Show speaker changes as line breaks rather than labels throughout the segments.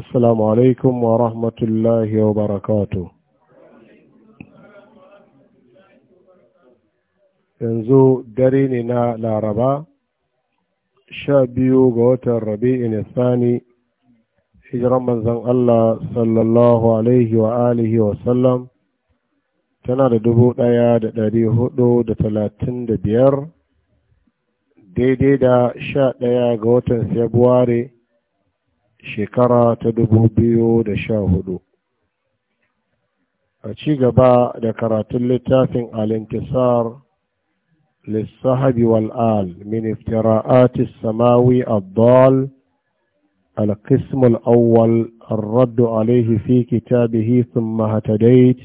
السلام عليكم ورحمة الله وبركاته yanzu dare ne na laraba sha biyu ga watan rabi'in sani hijiran manzan Allah sallallahu tana da dubu ɗaya da ɗari hudu da talatin da biyar daidai da sha ɗaya ga watan februari shekara ta dubu biyu da sha hudu. a ci gaba da karatun littafin al-intisar lissahabi wal'al min iftira'ati samawi abdal القسم الأول الرد alaihi fi كتابه ثم هتديت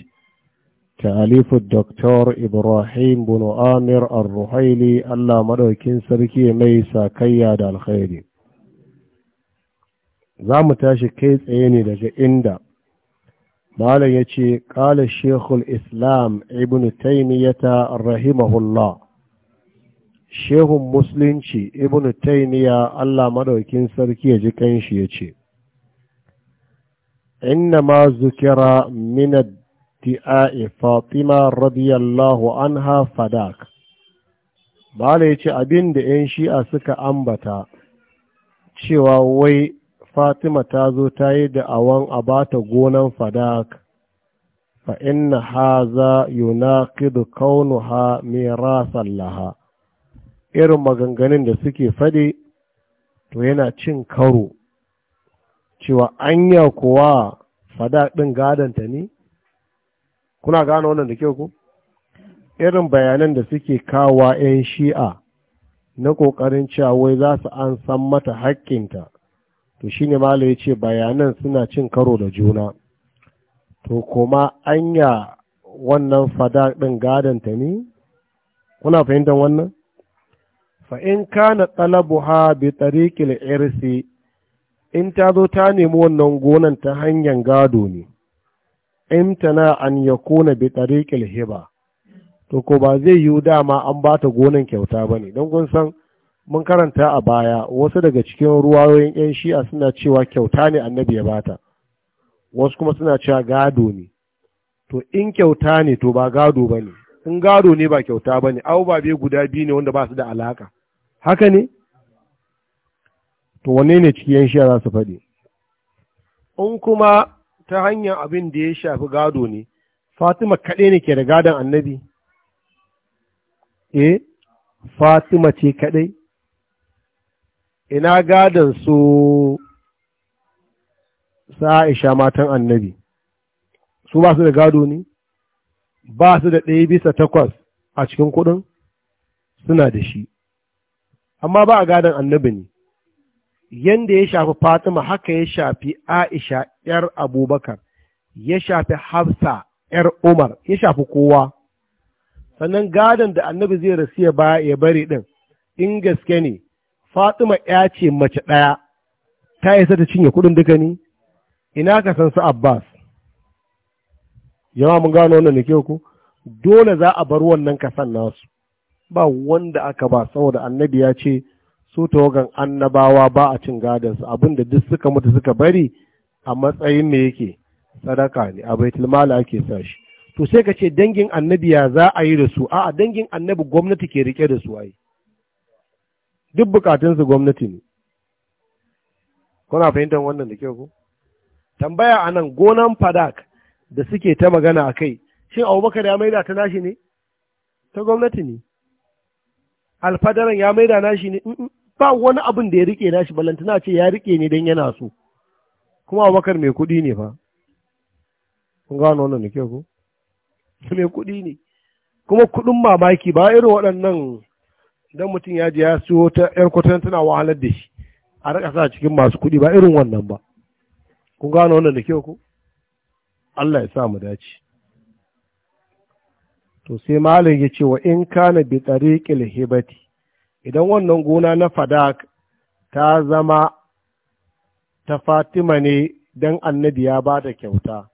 تأليف الدكتور إبراهيم بن آمر الرحيلي ألا مدوكين سركي ميسا كياد الخير za mu tashi kai tsaye ne daga inda malam ya ce ƙala shekul islam ibn taimiyyata rahimahullah shehun musulunci ibn Tainiya allah madaukin sarki ya ji kanshi ya ce inna ma zukira minad di'a'i fatima radiyallahu anha fadak malam ya ce abin da 'yan shi'a suka ambata cewa wai fatima ta zo ta yi da awon a ba ta gonan fadak fa inna haza yunaqidu kaunuha mirasan laha irin maganganun da suke faɗi to yana cin karo cewa anya kuwa fadak ɗin gadanta ne kuna gano wannan da kyau ku irin bayanan da suke kawa 'yan shi'a na ƙoƙarin cewa wai za su an san mata haƙƙinta to shine ne ya ce bayanan suna cin karo da juna to kuma anya wannan fada ɗin gadanta ne kuna fahimtar wannan fa'in kana talabuha bi tsarikil irisi in ta zo ta nemi wannan gonan ta hanyar gado ne in na an ya kona bi tsarikil hiba to ko ba zai yi dama an ba ta gonan kyauta ba ne don kun san mun karanta a baya wasu daga cikin ruwayoyin 'yan shi'a suna cewa kyauta ne annabi ya bata wasu kuma suna cewa gado ne to in kyauta ne to ba gado ba ne in gado ne ba kyauta ba ne babe guda biyu ne wanda ba su da alaka haka ne to wanne ne ciki 'yan shi'a za su faɗi in kuma ta hanyar abin da ya shafi gado ne fatima kaɗai ne ke da gadon annabi eh fatima ce kaɗai ina gadon su sa'isha matan annabi su ba su da gado ne ba su da ɗaya bisa takwas a cikin kuɗin suna da shi amma ba a gadon annabi ne Yadda ya shafi fatima haka ya shafi aisha ‘yar abubakar ya shafi hafsa ‘yar umar ya shafi kowa sannan gadon da annabi zai rasu ya bari ɗin in gaske ne fatima ya ce mace ɗaya ta isa ta cinye kuɗin duka ni ina ka san su abbas yawa mun gano wannan nake ku dole za a bar wannan kasan nasu ba wanda aka ba saboda annabi ya ce su tawagan annabawa ba a cin gadansu abinda duk suka mutu suka bari a matsayin me yake sadaka ne a baitulmala ake sa shi to sai ka ce dangin annabi ya za a yi da su a'a dangin annabi gwamnati ke rike da su ai duk bukatunsu gwamnati ne kuna fahimtar wannan da kyau ku tambaya a nan gonan fadak da suke ta magana a kai shin abubakar ya maida ta nashi ne ta gwamnati ne alfadaran ya maida nashi ne ba wani abin da ya rike nashi balantana ce ya rike ne don yana so kuma abubakar mai kuɗi ne fa kun gano wannan da kyau ku mai kuɗi ne kuma kuɗin mamaki ba irin waɗannan don mutum ya je ya siyo ta yar tana wahalar da shi a rika sa cikin masu kuɗi ba irin wannan ba kun gano wannan da kyau ko Allah ya sa mu dace to sai malam ya ce wa in kana bi tariqil hibati idan wannan gona na fadak ta zama ta Fatima ne dan annabi ya ba da kyauta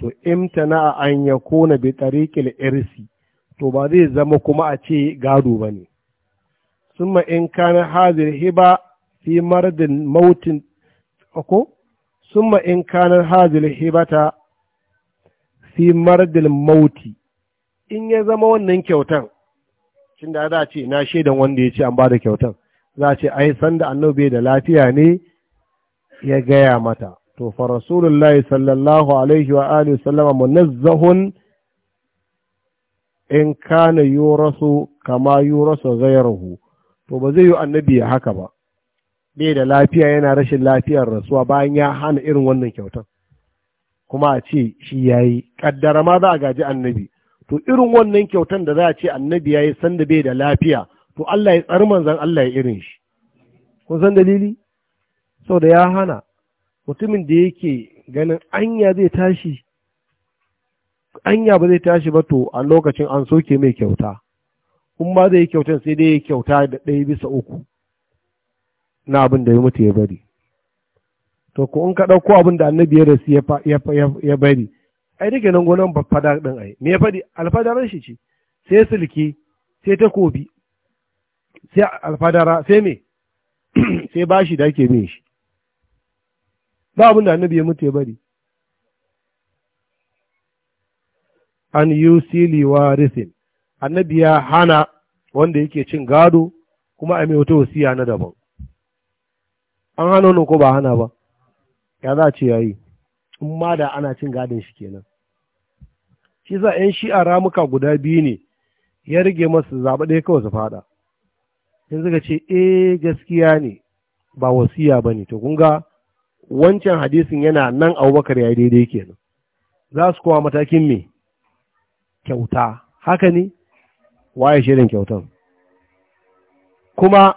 to imtana an yakuna bi tariqil irsi to ba zai zama kuma a ce gado bane ثم إن كان هذه الهبة في مرض موت أكو ثم إن كان هذه الهبة في مرض الموت in ya zama wannan kyautan cin da za a ce na shaidan wanda ya ce an ba da kyautan za a ce ai san da annabi da lafiya ne ya gaya mata to fa sallallahu alaihi wa alihi sallama munazzahun in kana yurasu kama yurasu ghayruhu to ba zai yi annabi ya haka ba bai da lafiya yana rashin lafiyar rasuwa bayan ya hana irin wannan kyautan kuma a ce shi ya yi ƙaddara ma za a gaji annabi to irin wannan kyautar da za a ce annabi ya yi sanda bai da lafiya to Allah ya tsar manzan Allah ya irin shi kun san dalili sau da ya hana mutumin da yake ganin anya zai tashi anya ba zai tashi ba to a lokacin an soke mai kyauta in ba zai yi kyautar sai dai kyauta da ɗaya bisa uku na abin da ya mutu ya bari to ko in ka ɗauko abin da annabi ya rasu ya bari ai rike nan gonan fada ɗin ai me ya faɗi alfadaran shi ce sai silki sai takobi sai alfadara sai me sai bashi da ake bin shi ba abin da annabi ya mutu ya bari an yi wa risin annabi ya hana wanda yake cin gado kuma a mai wata wasiya na daban an hana wannan ko ba hana ba ya za a ce yayi in ma da ana cin gadon shi kenan shi 'yan shi'a ramuka guda biyu ne ya rage masu zaɓa ɗaya kawai su fada in suka ce e, gaskiya ne ba wasiya ba ne to kunga wancan hadisin yana nan abubakar ya yi daidai kenan za su kowa matakin me kyauta haka ne waye shirin kyautan kuma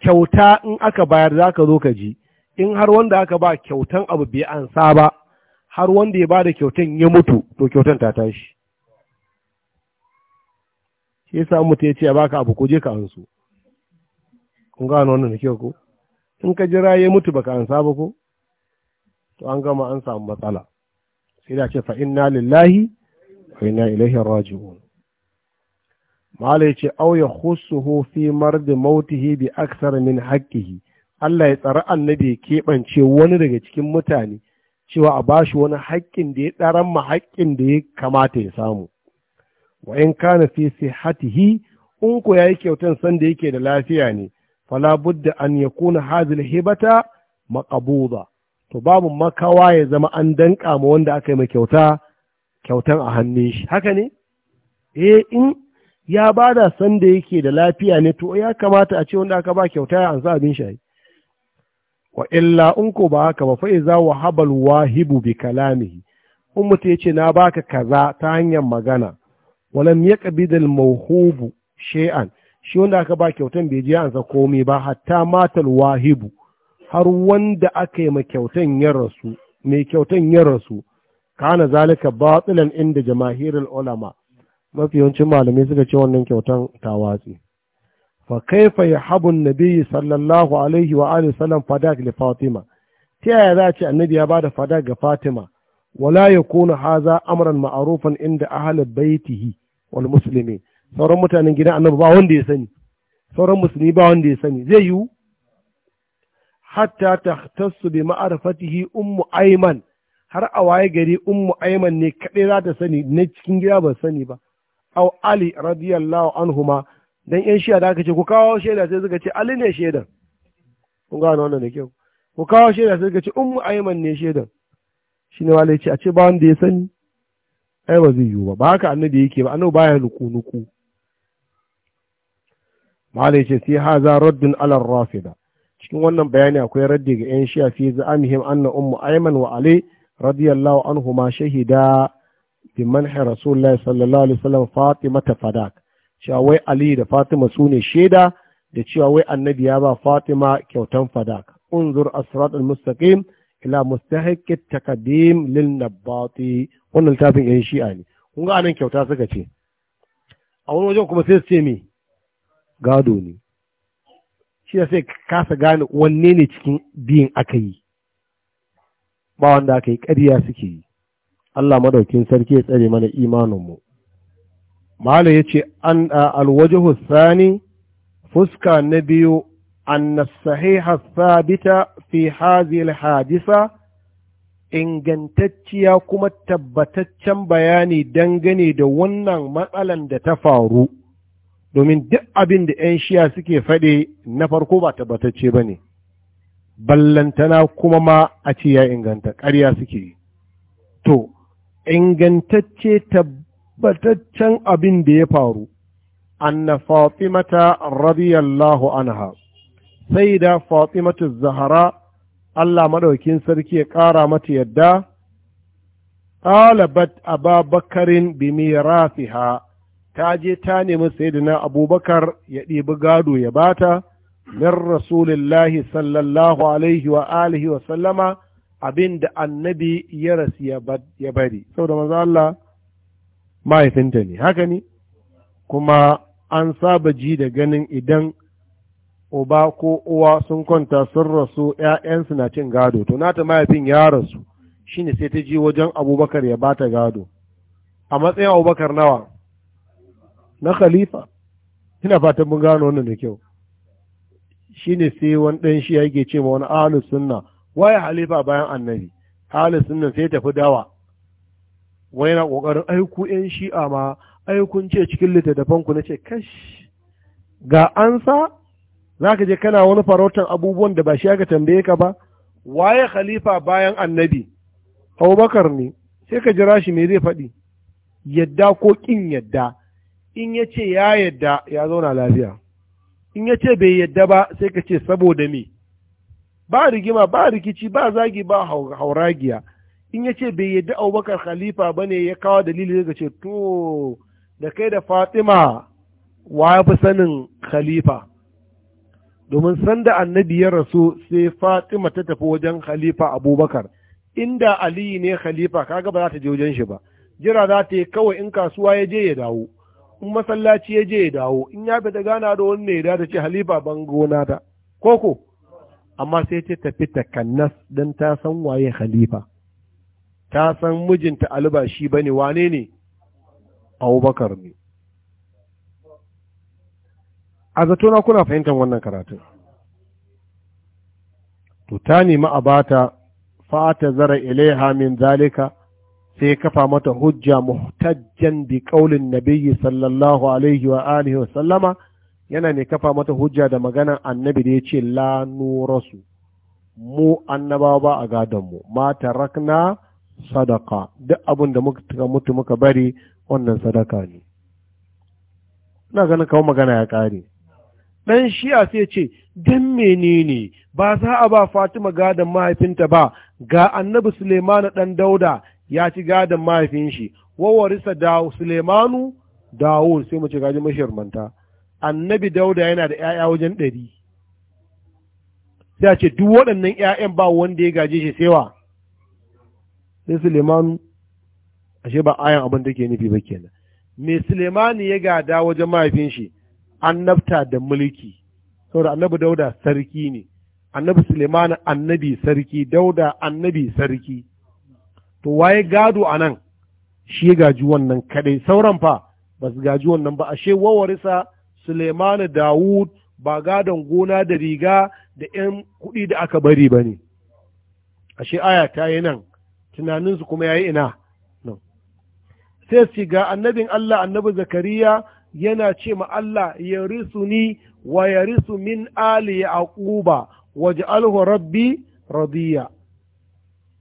kyauta in aka bayar za ka zo ka ji in har wanda aka ba kyautan abu bai ansa ba har wanda ya ba da kyautan ya mutu to kyautan ta tashi shi yasa mutu ya ce ya baka abu ko je ka ansu kun gano wannan da kyau ko in ka jira ya mutu baka ansa ba ko to an gama an samu matsala sai da ce fa inna lillahi wa inna ilaihi raji'un mala ya ce au ya husuhu fi mardi mautihi bi aksar min haƙƙihi Allah ya tsara annabi ya keɓance wani daga cikin mutane cewa a bashi wani haƙƙin da ya ɗaran ma haƙƙin da ya kamata ya samu wa in kana fi sihatihi in ko yayi kyautan san da yake da lafiya ne fala budda an yakuna hadhihi hibata maqbuda to babu makawa ya zama an danka ma wanda aka yi ma kyauta kyautan a hannun shi haka ne eh in ya ba da sanda yake da lafiya ne to ya kamata a ce wanda aka ba kyauta ya ansa abin shi wa illa in ko ba haka ba fa iza wahabal wahibu bi kalamihi in mutum na baka kaza ta hanyar magana walam yaqbid al mauhubu she'an shi wanda aka ba kyautan bai ji ansa komai ba hatta matal wahibu har wanda aka yi ma kyautan ya rasu mai kyautan ya rasu kana zalika batilan inda jamahirul ulama mafi yawancin malamai suka ce wannan kyautan tawatsi fa kaifa yahabu annabi sallallahu alaihi wa alihi sallam fadak li fatima ta yaya za a ce annabi ya bada fadak ga fatima wala yakunu haza amran ma'rufan inda ahli baitihi wal muslimin sauran mutanen gidan annabi ba wanda ya sani sauran musulmi ba wanda ya sani zai yiwu hatta tahtassu bi ma'rifatihi ummu aiman har a waye gari ummu aiman ne kaɗai za ta sani na cikin gida ba sani ba aw ali radiyallahu anhuma dan yan shiya da aka ce ku kawo shaida sai suka ce ali ne shaidan kun ga wannan da kyau ku kawo shaida sai suka ce ummu ayman ne shaidan shine wala ce a ce ba wanda ya sani ai ba zai yiwu ba ba haka annabi yake ba annabi baya luku nuku mala ce sai haza raddun ala rafida cikin wannan bayani akwai raddi ga yan shiya fi za'amihim anna ummu ayman wa ali radiyallahu anhuma shahida bi manhi rasulullahi sallallahu alaihi wasallam fatima ta fadak cewa wai ali da fatima su ne shaida da cewa wai annabi ya ba fatima kyautan fadak unzur asrat al-mustaqim ila mustahiq taqdim lil nabati wannan tafin yayin shi'a ne kun ga anan kyauta suka ce a wani wajen kuma sai su ce me gado ne shi sai kasa gane wanne ne cikin biyin aka yi ba wanda aka yi ƙarya suke yi Allah madaukin sarki ya tsare mana imaninmu ya yace an alwaje hussani fuska na biyu annasahiha sabita fi في هذه ingantacciya kuma tabbataccen bayani dangane da wannan matsalan da ta faru domin duk abin da 'yan shiya suke faɗe na farko ba tabbatacce ba ne ballantana kuma ma a ce ya inganta ƙarya suke to ingantacce tabbataccen abin da ya faru anna fatimata radiyallahu anha sai da fatimatu zahara Allah maɗaukin sarki ya ƙara mata yadda ɗalabat ababakarin bi rafiha. ta je ta nemi na abubakar ya ɗibi gado ya bata min rasulillahi sallallahu alaihi wa alihi wa sallama abin da annabi ya rasu ya bari saboda maza Allah mahaifinta ne haka ne kuma an saba ji da ganin idan uba ko uwa sun kwanta sun rasu ‘ya'yansu na cin gado to nata mahaifin ya rasu ne sai ta ji wajen abubakar ya bata gado a matsayin abubakar nawa na khalifa ina fatan mun gano wannan da kyau ne sai wani ɗan shi ya yake ce ma wani sunna waye halifa bayan annabi halis nan sai tafi dawa wai yana kokarin aiku yan shi'a ma aikun ce cikin littattafan ku nace kash ga ansa zaka je kana wani farautan abubuwan da ba shi aka tambaye ka ba waye khalifa bayan annabi Abubakar ne sai ka jira shi me zai faɗi yadda ko kin yadda in ya ce ya yadda ya zauna lafiya in ya ce bai yadda ba sai ka ce saboda me ba rigima ba rikici ba zagi ba hauragiya in ya ce bai yadda abubakar khalifa ba ne ya kawo dalili daga ce to da kai da fatima wa fi sanin khalifa domin sanda annabi ya rasu sai fatima ta tafi wajen khalifa abubakar inda aliyu ne khalifa kaga ba za ta je wajen shi ba jira za ta yi kawai in kasuwa ya je ya dawo in masallaci ya je ya dawo in ya fita gana da wani ne ya dace halifa ban gona ta koko amma sai ce tafi takannas don ta san waye khalifa ta san mijinta alba shi ne, wane ne abubakar ne a zatona kuna fahimtar wannan karatun to ta nemi a bata fata zara ilaiha min zalika sai kafa mata hujja muhtajjan bi qaulin nabiyyi sallallahu alaihi wa alihi wa sallama yana ne kafa mata hujja da maganan annabi da ya ce la mu annabawa ba a gadonmu ma rakna sadaka duk abin da muka mutu muka bari wannan sadaka ne na ganin kawo magana ya kare. ɗan shi'a sai ce don menene ba za a ba fatima gadon mahaifinta ba ga annabi suleimanu ɗan dauda ya ci gadon mahaifin shi wawarisa da suleimanu dawo sai mu ce gaji mashirmanta annabi dauda yana da ‘ya'ya wajen ɗari sai a ce duk waɗannan ‘ya'yan ba wanda ya gaje shi sewa sai sulemanu ashe ba ayan abin da nufi ba nan. me sulemanu ya gada wajen mahaifin shi annabta da mulki saboda annabi dauda sarki ne annabi sulemanu annabi sarki dauda annabi sarki to waye gado a nan shi ya gaji wannan kaɗai sauran fa ba su gaji wannan ba ashe wawarisa Suleimanu Dawud ba gadon gona da riga da ‘yan kuɗi da aka bari ba ne, ashe aya ta yi nan, tunaninsu kuma ya yi ina Sai su ga annabin Allah annabi Zakariya yana ce ma Allah ya risu ni wa ya risu min ali ya aquba waje alhu rabbi radiya.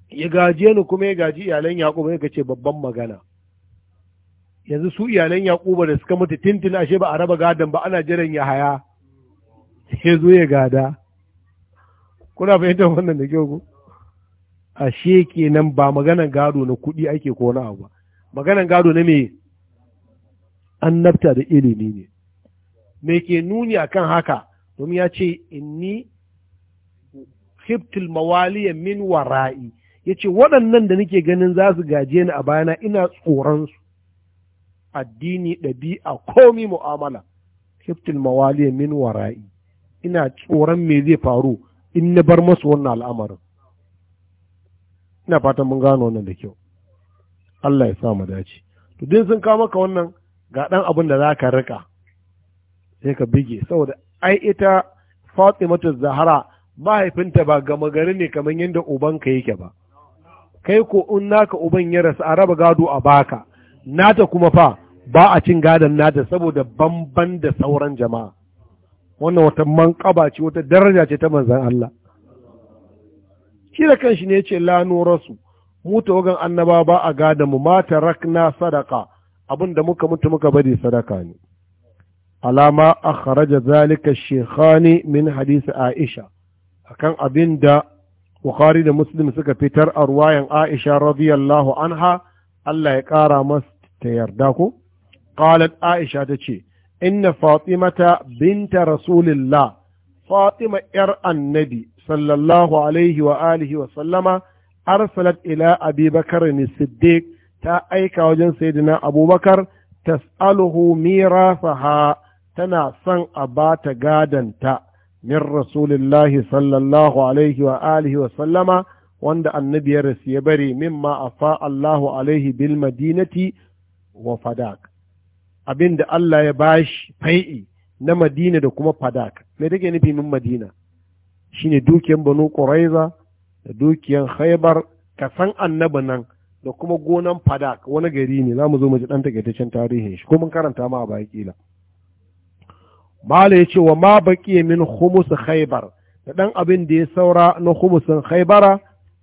Ya gaje ni kuma ya gaji iyalan Yaƙuba ya ce babban magana. yanzu su iyalan yaƙuba da suka mutu tintin ashe ba a raba gadon ba ana jiran ya haya ya zo ya gada kuna fahimtar wannan da kyau ko ashe kenan ba maganan gado na kuɗi ake ko na abu maganan gado na me annabta da ilimi ne me ke nuni akan haka domin ya ce inni khiftul mawaliya min wara'i ce waɗannan da nake ganin za su gaje ni a bayana ina tsoron su addini ɗabi'a komi mu'amala hiftil mawali min wara'i ina tsoron me zai faru in na bar masu wannan al'amarin ina fatan mun gano wannan da kyau Allah ya sa mu dace to din sun kawo maka wannan ga dan abin da zaka rika sai ka bige saboda ai ita Fatimatu Zahra mahaifinta ba gama gari ne kamar yadda ubanka yake ba kai ko in naka uban ya rasu a raba gado a baka nata kuma fa ba a cin gadon nata saboda bamban da sauran jama'a wannan wata manƙaba ce wata daraja ce ta manzan Allah shi da kanshi ne ce lanurarsu mutu mu annaba ba a gada mu mata rakna sadaka abinda muka mutu muka bari sadaka ne alama akhraja zalika ne min hadisi aisha akan abin da bukhari da muslim suka fitar a ruwayan aisha radiyallahu anha Allah ya ƙara masu ta yarda ko qalat aisha ta ce inna fatimata binta rasulillah fatima yar annabi sallallahu alaihi wa wa sallama arsalat ila abi bakar siddiq ta aika wajen saidina abubakar tas'aluhu mirasaha tana son a bata gadanta min rasulillahi sallallahu alaihi wa wa sallama wanda annabi ya rasu ya bari mimma afa Allahu alaihi bil madinati wa fadak abin da Allah ya bashi fai'i na Madina da kuma Fadak me take nufi min Madina shine dukiyan Banu Quraiza da dukiyan Khaybar ka san annabi nan da kuma gonan Fadak wani gari ne zamu zo mu ji dan takaitaccen tarihin shi ko mun karanta ma a baya kila Mala ya ce wa ma baƙi min humus Khaybar da ɗan abin da ya saura na humusin Khaybara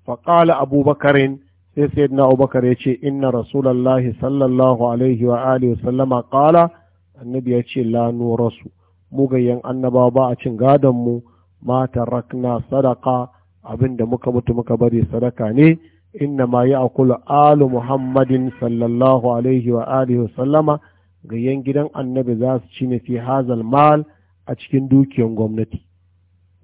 faƙala Abubakarin sai na Abubakar ya ce inna rasulullahi sallallahu alaihi wa alihi sallama kala annabi ya ce la nurasu gayyan annabawa ba a cin gadon mu ma tarakna sadaqa abinda muka mutu muka bari sadaka ne inna ma ya'kulu alu muhammadin sallallahu alaihi wa alihi sallama gayyan gidan annabi za su ci ne fi hazal mal a cikin dukiyar gwamnati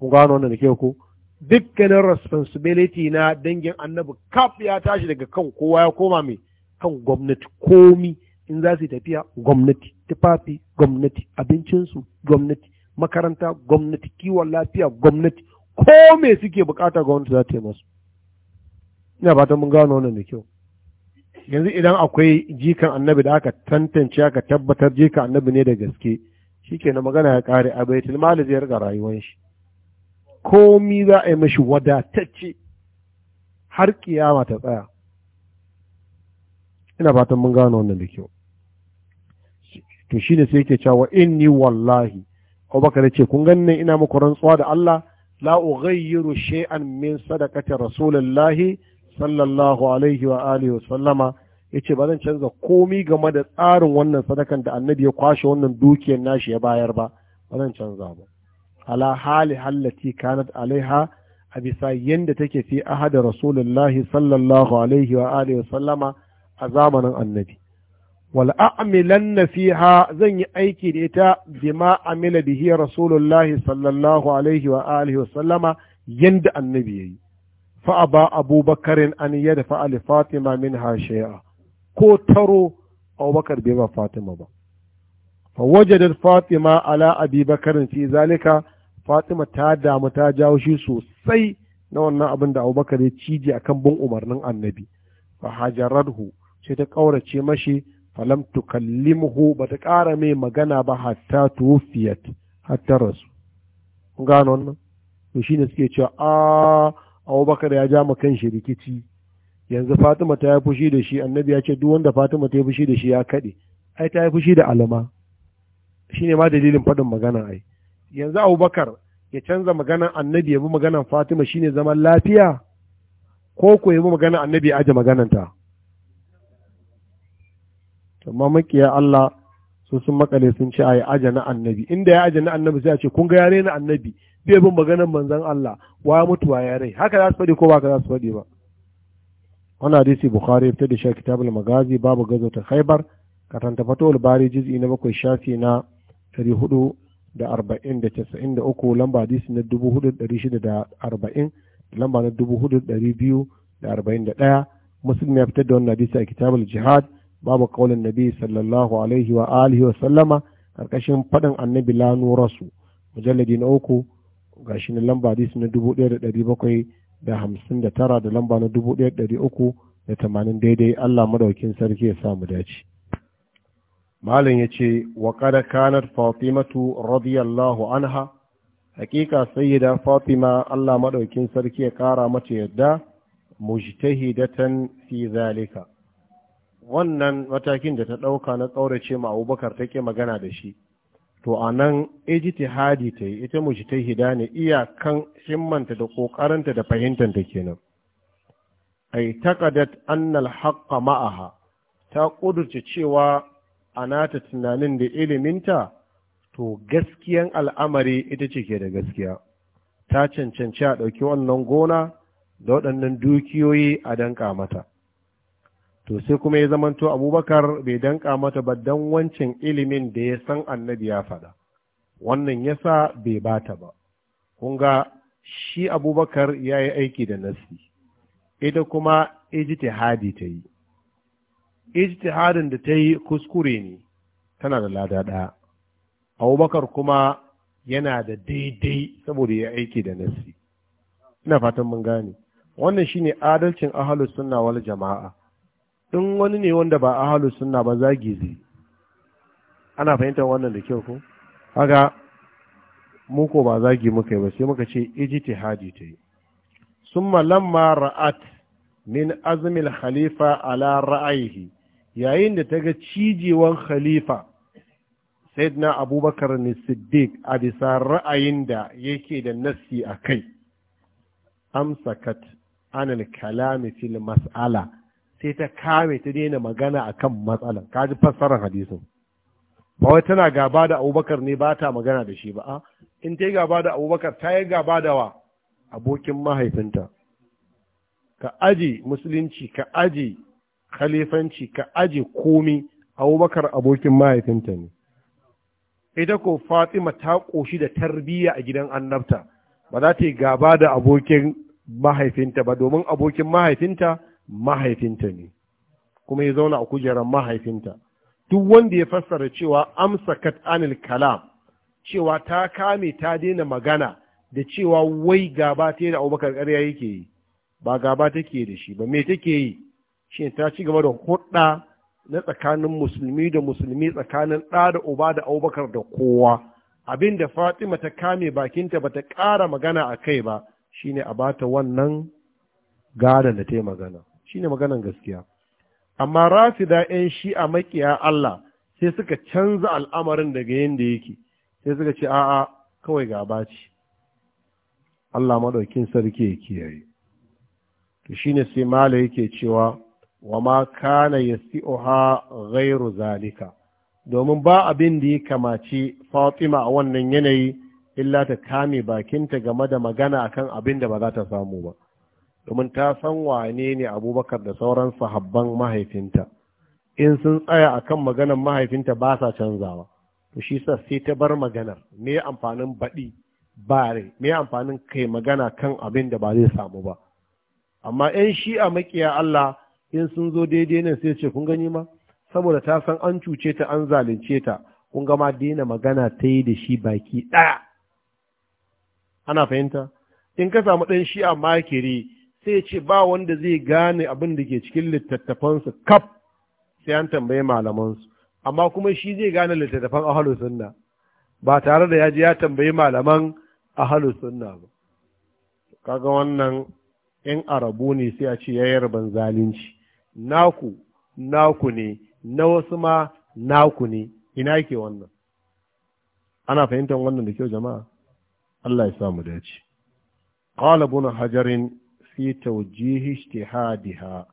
mu gano wannan da ke ko dukkanin responsibility na dangin annabi kaf ya tashi daga kan kowa ya koma mai kan gwamnati komi in za su tafiya gwamnati tufafi gwamnati abincinsu gwamnati makaranta gwamnati kiwon lafiya gwamnati ko me suke bukata gwamnati za ta yi masu ina fata mun gano wannan da kyau yanzu idan akwai jikan annabi da aka tantance aka tabbatar jikan annabi ne da gaske na magana ya kare a baitul mali zai rika rayuwar shi komi za a yi mashi wadatacce har kiyama ta tsaya ina fatan mun gano wannan da kyau to ne sai yake cewa inni wallahi Abubakar da ce kun ganne ina muku rantsuwa da Allah la ughayyiru shay'an min sadaqati rasulillahi sallallahu alaihi wa alihi wa sallama yace ba zan canza komi game da tsarin wannan sadakan da annabi ya kwashe wannan dukiyar nashi ya bayar ba ba zan canza ba ala hali hallati kanat alaiha a bisa yadda take fi ahada rasulullahi sallallahu alaihi wa alihi sallama a zamanin annabi wal a'milanna fiha zan yi aiki da ita bima amila bihi rasulullahi sallallahu alaihi wa alihi sallama yadda annabi yayi fa aba abubakarin an yadfa Ali fatima min minha shay'a ko taro abubakar bai ba fatima ba فوجدت Fatima ala أبي بكر في zalika. fatima ta damu ta jawo shi sosai na wannan abin da abubakar ya cije kan bin umarnin annabi fa hajararhu sai ta ƙaurace mashi falam tukallimhu ba ta ƙara mai magana ba hatta tuwfiyat hatta rasu kun gano wannan to ne suke cewa a abubakar ya ja kan shi rikici yanzu fatima ta yi fushi da shi annabi ya ce duk wanda fatima ta yi fushi da shi ya kaɗe ai ta yi fushi da alama Shi ne ma dalilin faɗin magana ai yanzu abubakar ya canza maganan annabi ya bi maganan fatima shine zaman lafiya ko ko ya bi maganan annabi aje magananta amma makiya Allah su sun makale sun ce ai aje na annabi inda ya aje na annabi sai a ce kun ga yare na annabi bai bin maganan manzon Allah wa mutu wa 'yare? haka za su faɗi ko ba ka za su faɗi ba wannan hadisi bukhari fitar da shi kitabul magazi babu gazo ta haibar katanta fatul bari juz'i na bakwai shafi na 400 da arba'in da casa'in da uku lamba hadisi na dubu hudu dari shida da arba'in da lamba na dubu hudu dari biyu da arba'in da ɗaya musulmi ya fitar da wannan hadisi a kitabul jihad babu kaulin nabi sallallahu alaihi wa alihi wa sallama karkashin faɗin annabi la nurasu mujalladi na uku gashi na lamba hadisi na dubu ɗaya da ɗari bakwai da hamsin da tara da lamba na dubu ɗaya da ɗari uku da tamanin daidai allah madaukin sarki ya samu dace. malin ya ce wa kada kanar fatimatu radiyallahu anha hakika sayyida fatima allah maɗaukin sarki ya ƙara mata yadda mujtahidatan fi zalika wannan matakin da ta ɗauka na kaurace ma abubakar take magana da shi to anan ijtihadi ta yi ita mujtahida ne iyakan himmanta da ƙoƙarinta da fahimtar ta kenan ai taqadat anna al ma'aha ta kudurce cewa a nata tunanin da iliminta to gaskiyan al'amari ita ce ke da gaskiya ta cancanci a ɗauki wannan gona da waɗannan dukiyoyi a danƙa mata to sai kuma ya zamanto abubakar bai danƙa mata ba don wancan ilimin da ya san annabi ya faɗa wannan ya sa bai bata ba kun shi abubakar ya yi aiki da nasi ita kuma ijtihadi ta yi ijtihadin da ta yi kuskure ne tana da lada ɗaya abubakar kuma yana da daidai saboda ya aiki da nasi ina fatan mun gane wannan shine adalcin ahalus sunna wal jama'a in wani ne wanda ba ahalus sunna ba zagi zai ana fahimtar wannan da kyau ko haka mu ko ba zagi muka yi ba sai muka ce ijtihadi ta yi summa lamma ra'at min azmil khalifa ala Ra'ayi. yayin da ta ga cijewan khalifa sayyidina abubakar ne siddiq a bisa ra'ayin da yake da nassi a kai amsakat anil kalami fil mas'ala sai ta kame ta daina magana akan matsala. kaji fassarar hadisin ba wai tana gaba da abubakar ne ba ta magana da shi ba a in ta yi gaba da abubakar ta yi gaba da wa abokin mahaifinta ka aji musulunci ka aji khalifanci ka aje komi abubakar abokin mahaifinta ne ita ko fatima ta ƙoshi da tarbiyya a gidan annabta ba za ta yi gaba da abokin mahaifinta ba domin abokin mahaifinta mahaifinta ne kuma ya zauna a kujerar mahaifinta duk wanda ya fassara cewa amsa Kat kat'anil kalam cewa ta kame ta daina magana da cewa wai gaba ta yi da abubakar ƙarya yake yi ba gaba take da shi ba me take yi shi ta ci gaba da hudda na tsakanin musulmi da musulmi tsakanin ɗa da uba da abubakar da kowa abin da fatima ta kame bakinta ba ta ƙara magana a kai ba shine a bata wannan gadon da ta yi magana Shi ne maganan gaskiya amma rafi da 'yan a makiya Allah sai suka canza al'amarin daga yadda yake sai suka ce a'a kawai ga ce Allah maɗaukin sarki ya kiyaye to shi ne sai mala yake cewa wa ma kana yasi'uha ghairu zalika domin ba abin da ya kamaci Fatima a wannan yanayi illa ta kame bakinta game da magana akan abin da ba za ta samu ba domin ta san wane ne Abubakar da sauran sahabban mahaifinta in sun tsaya akan maganar mahaifinta ba sa canzawa to shi sa sai ta bar maganar me amfanin baɗi bare me amfanin kai magana kan abin da ba zai samu ba amma 'yan shi'a makiya Allah in sun zo daidai nan sai ce kun gani ma saboda ta san an cuce ta an zalunce ta kun gama daina magana ta yi da shi baki ɗaya ana fahimta in ka samu ɗan shi a makiri sai ce ba wanda zai gane abin da ke cikin littattafansu kaf sai an tambaye malamansu amma kuma shi zai gane littattafan ahalu sunna ba tare da ya je ya tambayi malaman ahalu sunna ba kaga wannan in arabu ne sai a ce yayar ban zalunci naku naku ne na wasu ma naku ne ina yake wannan ana fahimtar wannan da kyau jama'a Allah ya sa mu dace qala ibn hajarin fi tawjih ijtihadiha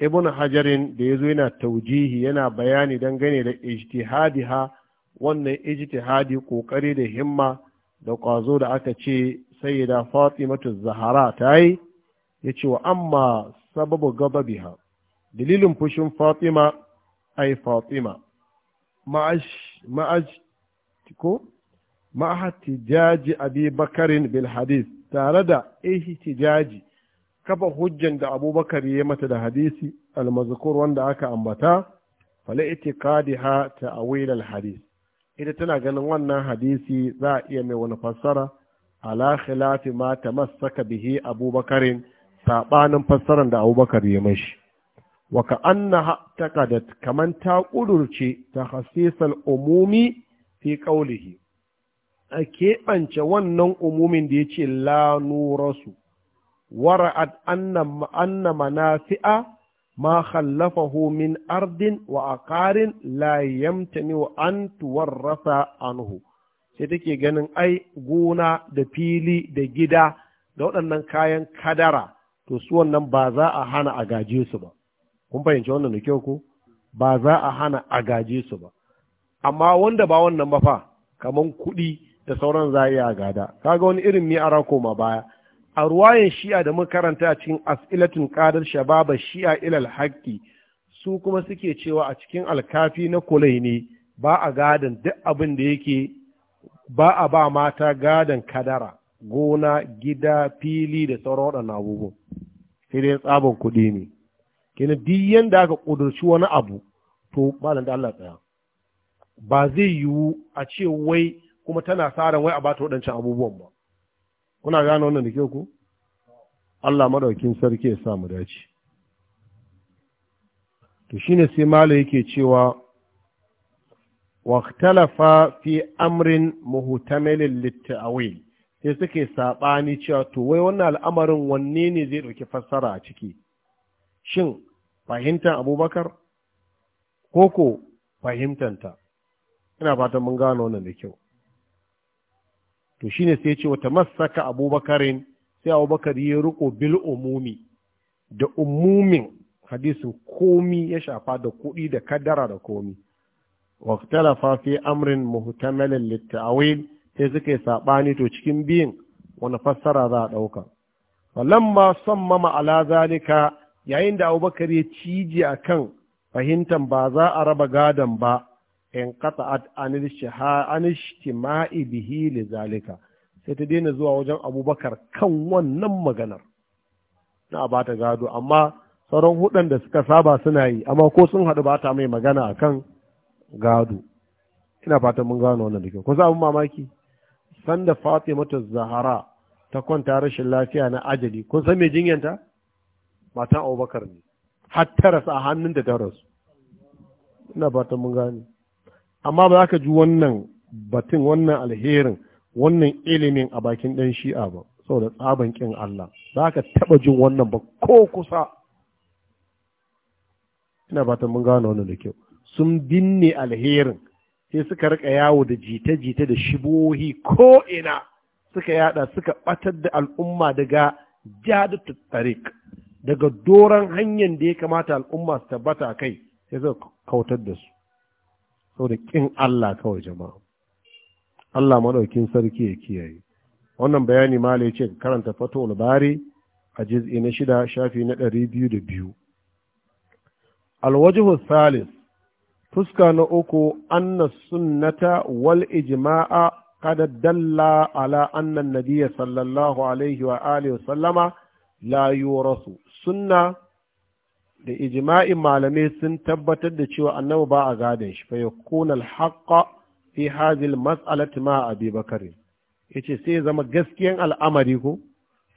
ibn hajarin da yazo yana tawjihi yana bayani dangane da ijtihadiha wannan ijtihadi kokari da himma da kwazo da aka ce sayyida fatimatu zahara ta yace wa amma sababu gababiha dalilin fushin fatima ai fatima ma'ash ko abi bakarin bil tare da ihtijaji kafa hujjan da abubakar ya mata da hadisi almazkur wanda aka ambata fala itiqadiha ta'wil al hadith ita tana ganin wannan hadisi za a iya mai wani fassara ala khilafi ma tamassaka bihi abubakarin sabanin fassaran da abubakar ya mashi Waka ka annaha taqadat kaman ta ƙudurce ta hasesan umumi fi qawlihi a keɓance wannan umumin da yace la nurasu wara'at anna anna manafi'a ma khallafahu min ardin wa aqarin la yamtani an tuwarrasa anhu sai take ganin ai gona da fili da gida da waɗannan kayan kadara to su wannan ba za a hana a gaje su ba kun fahimci wannan da kyau ko ba za a hana a gaje su ba amma wanda ba wannan ba fa kaman kuɗi da sauran za a iya gada kaga wani irin ara koma baya a ruwayen shi'a da muka karanta a cikin as'ilatin qadar shababa shi'a ilal haqqi su kuma suke cewa a cikin alkafi na kulai ne ba a gadan duk abin da yake ba a ba mata gadan kadara gona gida fili da sauran waɗannan abubuwan sai dai tsabon kuɗi ne kenan duk yanda aka kudurci wani abu to malam da Allah tsaya ba zai yiwu a ce wai kuma tana saran wai a bata waɗancan abubuwan ba kuna gane wannan da ke ku Allah madaukin sarki ya sa mu dace to shine sai malam yake cewa waktalafa fi amrin muhtamalin litta'awil sai suke saɓani cewa to wai wannan al'amarin wanne ne zai ɗauki fassara a ciki shin fahimtar abubakar Ko ko fahimtanta ina fatan mun gano wannan da kyau to shine sai ce wata masaka abubakarin sai abubakar ya riko bil umumi da umumin hadisin komi ya shafa da kuɗi da kadara da komi waktalafa fi amrin muhtamalin litta'awil sai suka yi saɓani to cikin biyun wani fassara za a ɗauka falamma sammama ala zalika yayin da abubakar ya ciji a kan fahimtar ba za a raba gadon ba in kata anishtima'i bihi li zalika sai ta daina zuwa wajen abubakar kan wannan maganar na ba ta gado amma sauran hudun da suka saba suna yi amma ko sun haɗu ba ta mai magana akan gado ina fatan mun gano wannan da kyau kun abin mamaki sanda fatimatu zahara ta kwanta rashin lafiya na ajali kun san me jinyanta matan abubakar ne har ta a hannun da ta rasu ina ta mun gane amma ba za ka ji wannan batun wannan alherin wannan ilimin a bakin ɗan shi'a ba saboda tsaban ƙin Allah za ka taɓa jin wannan ba ko kusa ina ta mun gane wannan da kyau sun binne alherin sai suka rika yawo da jita-jita da shibohi ko'ina suka yada suka ɓatar da al'umma daga jadu tattarik daga doron hanyar da ya kamata al'umma su tabbata kai sai zai kautar da su da ƙin Allah kawai jama'a Allah maɗaukin sarki ya kiyaye wannan bayani ma ya ce karanta fato bari a jiz'i na shida shafi na ɗari biyu da biyu alwajihu salis fuska na uku anna sunnata wal ijma'a kada dalla ala annan nabiya sallallahu alaihi wa alihi wa sallama la yurasu sunna da ijma'in malamai sun tabbatar da cewa annabi ba a gadon shi fa yakuna al-haqqa fi hadhihi al-mas'alati ma Abi Bakr yace sai zama gaskiyan al'amari ko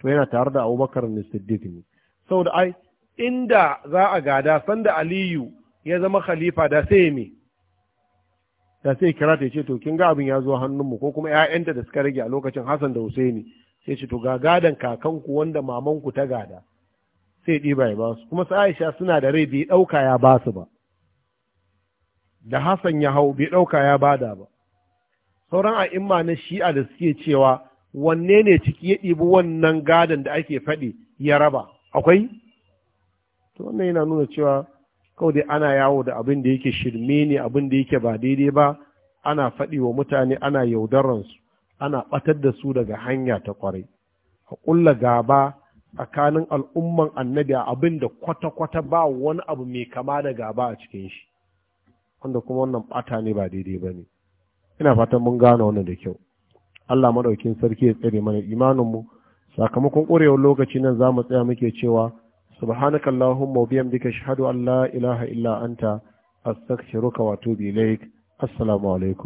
to yana tare da Abubakar ne Siddiq ne saboda ai inda za a gada san da Aliyu ya zama khalifa da sai me da sai kira ta ce to kin ga abin ya zo hannun mu ko kuma ƴaƴanta da suka rage a lokacin Hassan da Husaini sai ce to ga gadan kakanku wanda mamanku ta gada sai ɗiba ya ba su kuma su aisha suna da rai bai ɗauka ya ba su ba da hassan ya hau bai ɗauka ya ba da ba sauran a imma na shi'a da suke cewa wanne ne ciki ya ɗibi wannan gadon da ake faɗi ya raba akwai to wannan yana nuna cewa kawai dai ana yawo da abin da yake shirme ne abin da yake ba daidai ba ana faɗi wa mutane ana yaudaransu ana ɓatar da su daga hanya ta ƙwarai a ƙulla gaba tsakanin al'umman annabi a abin da kwata-kwata ba wani abu mai kama da gaba a cikin shi wanda kuma wannan bata ne ba daidai ba ne ina fatan mun gane wannan da kyau Allah madaukin sarki ya tsare mana imaninmu sakamakon ƙurewar lokaci nan za mu tsaya muke cewa subhanaka allahumma wa bihamdika shahadu an la ilaha illa anta astaghfiruka wa atubu ilaik assalamu alaikum